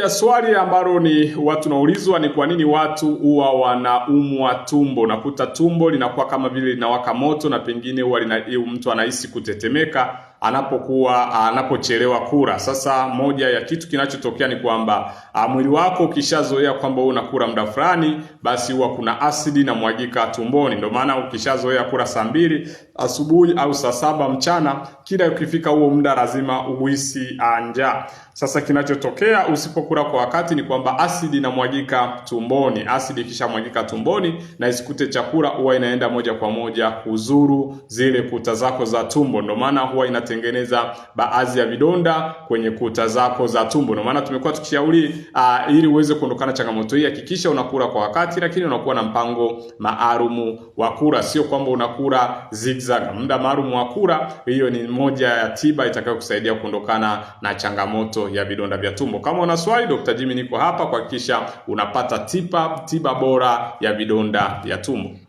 ya swali ambalo ni watu naulizwa ni kwa nini watu huwa wanaumwa tumbo. nakuta tumbo linakuwa kama vile linawaka moto, na pengine huwa mtu anahisi kutetemeka anapokuwa anapochelewa kula. Sasa moja ya kitu kinachotokea ni kwamba ah, mwili wako ukishazoea kwamba wewe unakula muda fulani, basi huwa kuna asidi na mwagika tumboni. Ndio maana ukishazoea kula saa mbili asubuhi au saa saba mchana, kila ukifika huo muda lazima uhisi ah, njaa. Sasa kinachotokea usipokula kwa wakati ni kwamba asidi inamwagika tumboni. Asidi ikishamwagika tumboni na isikute chakula, huwa inaenda moja kwa moja kuzuru zile kuta zako za tumbo. Ndio maana huwa inatengeneza baadhi ya vidonda kwenye kuta zako za tumbo. Ndio maana tumekuwa tukishauri uh, ili uweze kuondokana changamoto hii, hakikisha unakula kwa wakati, lakini unakuwa na mpango maalum wa kula, sio kwamba unakula zigzag. Muda maalum wa kula hiyo ni moja ya tiba itakayokusaidia kuondokana na changamoto ya vidonda vya tumbo. Kama una swali, Dr. Jimmy niko hapa kuhakikisha unapata tiba tiba bora ya vidonda vya tumbo.